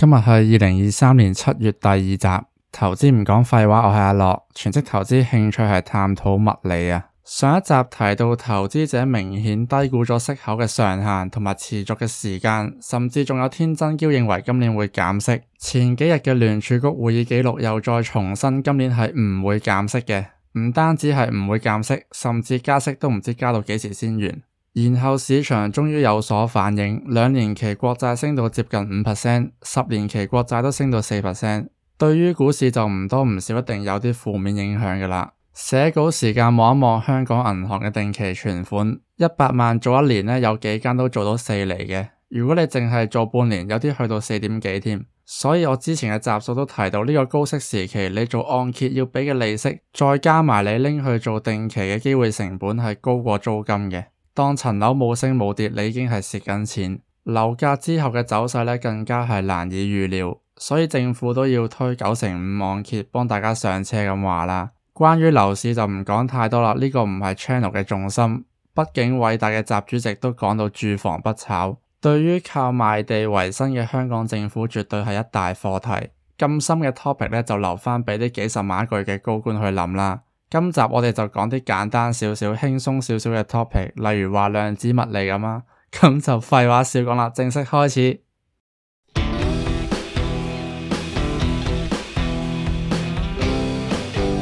今日係二零二三年七月第二集，投資唔講廢話，我係阿樂，全職投資興趣係探討物理啊。上一集提到投資者明顯低估咗息口嘅上限同埋持續嘅時間，甚至仲有天真嬌認為今年會減息。前幾日嘅聯儲局會議記錄又再重申，今年係唔會減息嘅，唔單止係唔會減息，甚至加息都唔知加到幾時先完。然後市場終於有所反應，兩年期國債升到接近五 percent，十年期國債都升到四 percent。對於股市就唔多唔少，一定有啲負面影響㗎喇。寫稿時間望一望香港銀行嘅定期存款，一百萬做一年呢，有幾間都做到四厘嘅。如果你淨係做半年，有啲去到四點幾添。所以我之前嘅集數都提到呢個高息時期，你做按揭要畀嘅利息，再加埋你拎去做定期嘅機會成本，係高過租金嘅。當層樓冇升冇跌，你已經係蝕緊錢。樓價之後嘅走勢咧，更加係難以預料，所以政府都要推九成五按揭，幫大家上車咁話啦。關於樓市就唔講太多啦，呢個唔係 channel 嘅重心。畢竟偉大嘅習主席都講到住房不炒，對於靠賣地維生嘅香港政府，絕對係一大課題。咁深嘅 topic 咧，就留返畀呢幾十萬一個月嘅高官去諗啦。今集我哋就講啲簡單少少、輕鬆少少嘅 topic，例如話量子物理咁啦，咁就廢話少講啦，正式開始。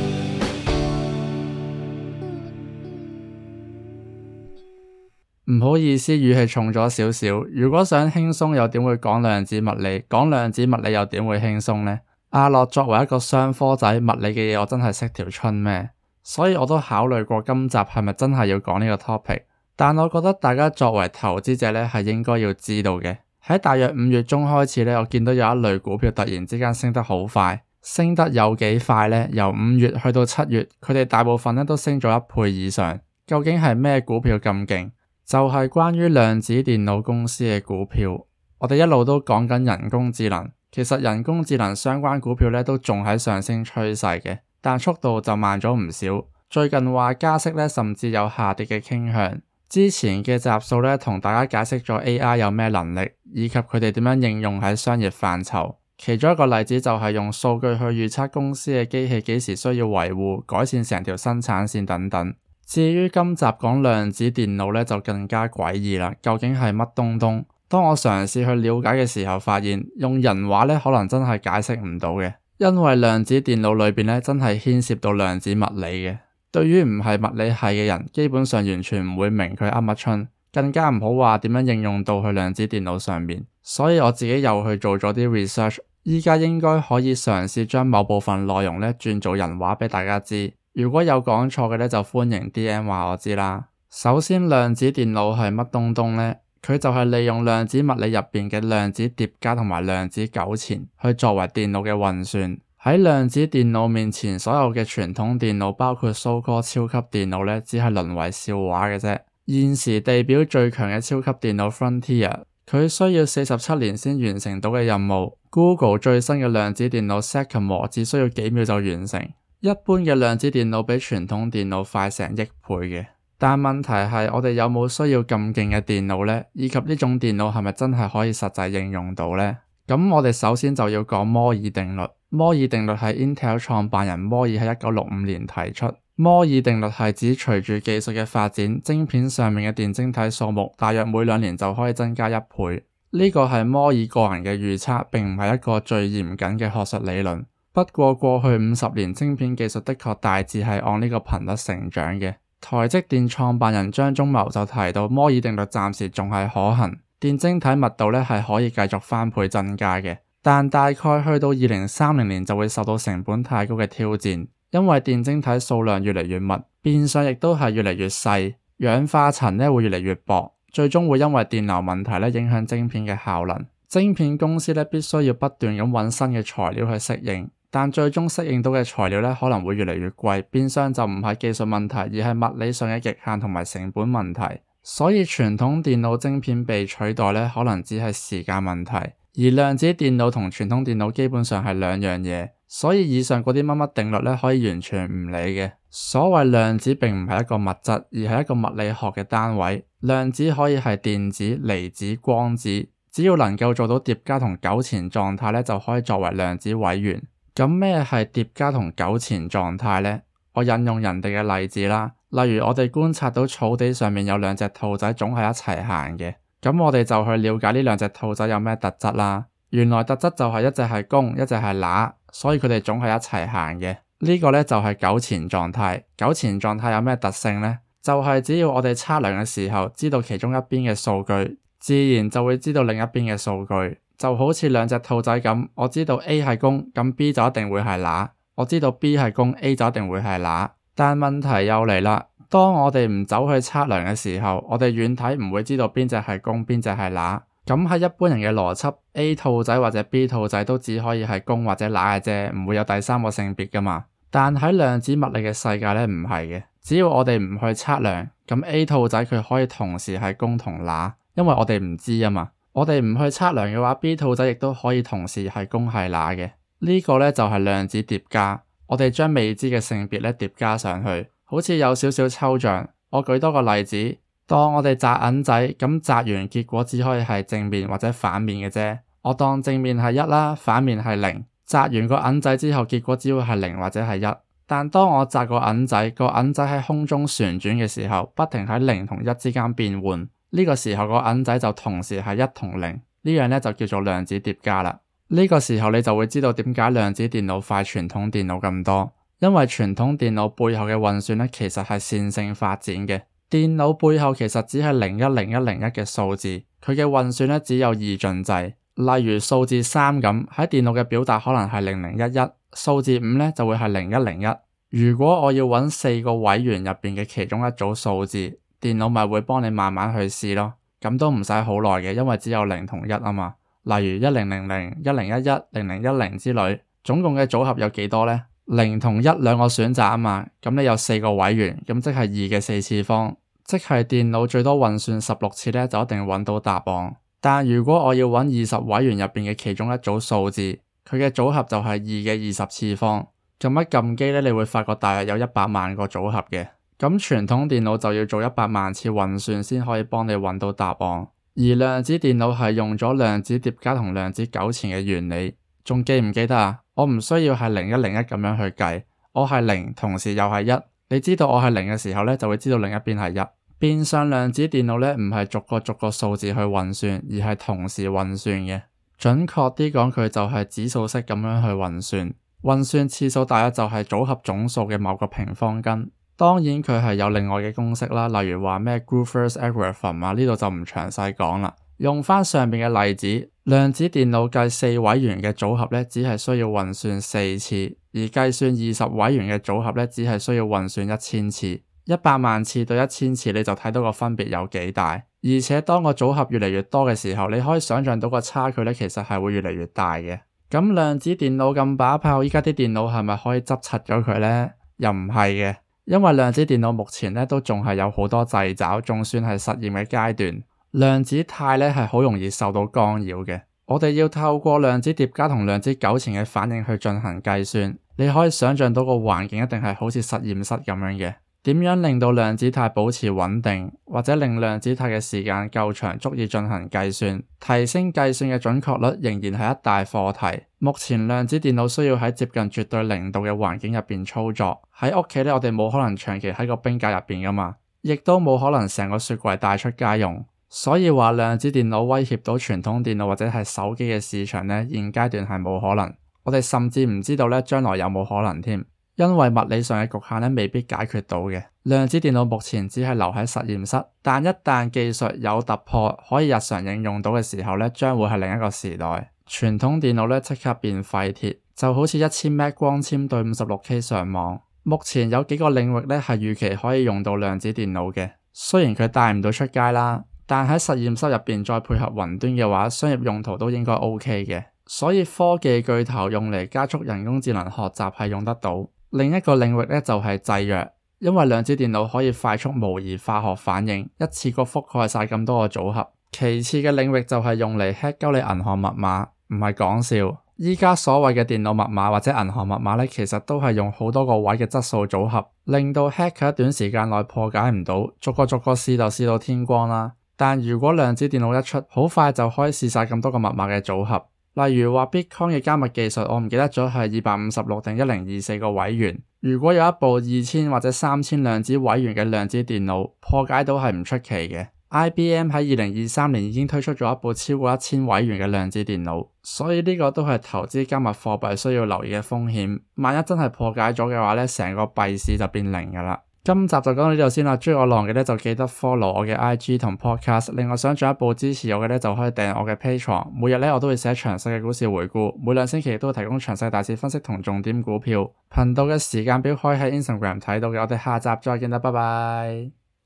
唔好意思，語氣重咗少少。如果想輕鬆，又點會講量子物理？講量子物理又點會輕鬆呢？阿樂、啊、作為一個商科仔，物理嘅嘢，我真係識條春咩，所以我都考慮過今集係咪真係要講呢個 topic。但我覺得大家作為投資者咧，係應該要知道嘅。喺大約五月中開始咧，我見到有一類股票突然之間升得好快，升得有幾快咧？由五月去到七月，佢哋大部分咧都升咗一倍以上。究竟係咩股票咁勁？就係、是、關於量子電腦公司嘅股票。我哋一路都講緊人工智能。其實人工智能相關股票咧都仲喺上升趨勢嘅，但速度就慢咗唔少。最近話加息咧，甚至有下跌嘅傾向。之前嘅集數咧，同大家解釋咗 AI 有咩能力，以及佢哋點樣應用喺商業範疇。其中一個例子就係用數據去預測公司嘅機器幾時需要維護，改善成條生產線等等。至於今集講量子電腦咧，就更加詭異啦，究竟係乜東東？當我嘗試去了解嘅時候，發現用人話呢可能真係解釋唔到嘅，因為量子電腦裏面呢真係牽涉到量子物理嘅。對於唔係物理係嘅人，基本上完全唔會明佢噏乜春，更加唔好話點樣應用到去量子電腦上面。所以我自己又去做咗啲 research，依家應該可以嘗試將某部分內容呢轉做人話俾大家知。如果有講錯嘅呢，就歡迎 DM 話我知啦。首先，量子電腦係乜東東呢？佢就係利用量子物理入面嘅量子疊加同埋量子糾纏去作為電腦嘅運算。喺量子電腦面前，所有嘅傳統電腦包括 so-called 超級電腦呢只係淪為笑話嘅啫。現時地表最強嘅超級電腦 Frontier，佢需要四十七年先完成到嘅任務，Google 最新嘅量子電腦 Sycamore 只需要幾秒就完成。一般嘅量子電腦比傳統電腦快成億倍嘅。但問題係，我哋有冇需要咁勁嘅電腦呢？以及呢種電腦係咪真係可以實際應用到呢？咁我哋首先就要講摩爾定律。摩爾定律係 Intel 創辦人摩爾喺一九六五年提出。摩爾定律係指隨住技術嘅發展，晶片上面嘅電晶體數目，大約每兩年就可以增加一倍。呢個係摩爾個人嘅預測，並唔係一個最嚴謹嘅學術理論。不過過去五十年，晶片技術的確大致係按呢個頻率成長嘅。台積電創辦人張忠謀就提到，摩爾定律暫時仲係可行，電晶體密度咧係可以繼續翻倍增加嘅，但大概去到二零三零年就會受到成本太高嘅挑戰，因為電晶體數量越嚟越密，變相亦都係越嚟越細，氧化層咧會越嚟越薄，最終會因為電流問題咧影響晶片嘅效能，晶片公司咧必須要不斷咁搵新嘅材料去適應。但最終適應到嘅材料咧，可能會越嚟越貴。變相就唔係技術問題，而係物理上嘅極限同埋成本問題。所以傳統電腦晶片被取代呢，可能只係時間問題。而量子電腦同傳統電腦基本上係兩樣嘢，所以以上嗰啲乜乜定律呢，可以完全唔理嘅。所謂量子並唔係一個物質，而係一個物理學嘅單位。量子可以係電子、離子、光子，只要能夠做到疊加同糾纏狀態呢，就可以作為量子單位。咁咩係疊加同糾纏狀態呢？我引用人哋嘅例子啦，例如我哋觀察到草地上面有兩隻兔仔總係一齊行嘅，咁我哋就去了解呢兩隻兔仔有咩特質啦。原來特質就係一隻係公，一隻係乸，所以佢哋總係一齊行嘅。這個、呢個咧就係糾纏狀態。糾纏狀態有咩特性呢？就係、是、只要我哋測量嘅時候知道其中一邊嘅數據，自然就會知道另一邊嘅數據。就好似兩隻兔仔咁，我知道 A 係公，咁 B 就一定會係乸。我知道 B 係公，A 就一定會係乸。但問題又嚟啦，當我哋唔走去測量嘅時候，我哋遠睇唔會知道邊隻係公邊隻係乸。咁喺一般人嘅邏輯，A 兔仔或者 B 兔仔都只可以係公或者乸嘅啫，唔會有第三個性別噶嘛。但喺量子物理嘅世界咧，唔係嘅。只要我哋唔去測量，咁 A 兔仔佢可以同時係公同乸，因為我哋唔知啊嘛。我哋唔去測量嘅話，B 兔仔亦都可以同時係公係乸嘅。呢個呢就係量子疊加。我哋將未知嘅性別呢疊加上去，好似有少少抽象。我舉多個例子。當我哋擲銀仔，咁擲完結果只可以係正面或者反面嘅啫。我當正面係一啦，反面係零。擲完個銀仔之後，結果只會係零或者係一。但當我擲個銀仔，個銀仔喺空中旋轉嘅時候，不停喺零同一之間變換。呢個時候個銀仔就同時係一同零，呢樣呢就叫做量子疊加啦。呢、這個時候你就會知道點解量子電腦快傳統電腦咁多，因為傳統電腦背後嘅運算呢，其實係線性發展嘅，電腦背後其實只係零一零一零一嘅數字，佢嘅運算呢只有二進制。例如數字三咁喺電腦嘅表達可能係零零一一，數字五呢就會係零一零一。如果我要搵四個位元入面嘅其中一組數字，電腦咪會幫你慢慢去試咯，咁都唔使好耐嘅，因為只有零同一啊嘛。例如一零零零、一零一一、零零一零之類，總共嘅組合有幾多呢？零同一兩個選擇啊嘛，咁你有四個位元，咁即係二嘅四次方，即係電腦最多運算十六次咧，就一定揾到答案。但如果我要揾二十位元入邊嘅其中一組數字，佢嘅組合就係二嘅二十次方，做乜撳機咧？你會發覺大約有一百萬個組合嘅。咁傳統電腦就要做一百萬次運算先可以幫你揾到答案，而量子電腦係用咗量子疊加同量子糾纏嘅原理。仲記唔記得啊？我唔需要係零一零一咁樣去計，我係零同時又係一。你知道我係零嘅時候呢，就會知道另一邊係一。變相量子電腦呢，唔係逐個逐個數字去運算，而係同時運算嘅。準確啲講，佢就係指數式咁樣去運算，運算次數大約就係組合總數嘅某個平方根。當然佢係有另外嘅公式啦，例如話咩 Grover's algorithm 啊，呢度就唔詳細講啦。用翻上邊嘅例子，量子電腦計四位元嘅組合咧，只係需要運算四次；而計算二十位元嘅組合咧，只係需要運算一千次。一百萬次對一千次，你就睇到個分別有幾大。而且當個組合越嚟越多嘅時候，你可以想象到個差距咧，其實係會越嚟越大嘅。咁量子電腦咁把炮，依家啲電腦係咪可以執柒咗佢咧？又唔係嘅。因為量子電腦目前咧都仲係有好多掣肘，仲算係實驗嘅階段。量子態咧係好容易受到干擾嘅，我哋要透過量子疊加同量子糾纏嘅反應去進行計算。你可以想象到個環境一定係好似實驗室咁樣嘅，點樣令到量子態保持穩定？或者令量子態嘅時間夠長，足以進行計算，提升計算嘅準確率，仍然係一大課題。目前量子電腦需要喺接近絕對零度嘅環境入面操作，喺屋企咧，我哋冇可能長期喺個冰櫃入面噶嘛，亦都冇可能成個雪櫃帶出街用。所以話量子電腦威脅到傳統電腦或者係手機嘅市場呢，現階段係冇可能。我哋甚至唔知道咧，將來有冇可能添。因為物理上嘅局限呢，未必解決到嘅，量子電腦目前只係留喺實驗室，但一旦技術有突破，可以日常應用到嘅時候呢，將會係另一個時代，傳統電腦呢，即刻變廢鐵，就好似一千 M 光纖對五十六 K 上網。目前有幾個領域呢係預期可以用到量子電腦嘅，雖然佢帶唔到出街啦，但喺實驗室入邊再配合雲端嘅話，商業用途都應該 O K 嘅。所以科技巨頭用嚟加速人工智能學習係用得到。另一個領域呢，就係、是、製藥，因為量子電腦可以快速模擬化學反應，一次過覆蓋晒咁多個組合。其次嘅領域就係用嚟 hack 你銀行密碼，唔係講笑。依家所謂嘅電腦密碼或者銀行密碼呢，其實都係用好多個位嘅質數組合，令到黑客喺短時間內破解唔到，逐個逐個試就試到天光啦。但如果量子電腦一出，好快就可以試晒咁多個密碼嘅組合。例如話，Bitcoin 嘅加密技術，我唔記得咗係二百五十六定一零二四個位元。如果有一部二千或者三千量子位元嘅量子電腦破解到係唔出奇嘅。IBM 喺二零二三年已經推出咗一部超過一千位元嘅量子電腦，所以呢個都係投資加密貨幣需要留意嘅風險。萬一真係破解咗嘅話咧，成個幣市就變零噶啦。今集就講到呢度先啦，中意我浪嘅咧就記得 follow 我嘅 IG 同 podcast，另外，想進一步支持我嘅咧就可以訂我嘅 Patreon，每日咧我都會寫詳細嘅股市回顧，每兩星期都會提供詳細大市分析同重點股票。頻道嘅時間表可以喺 Instagram 睇到嘅，我哋下集再見啦，拜拜。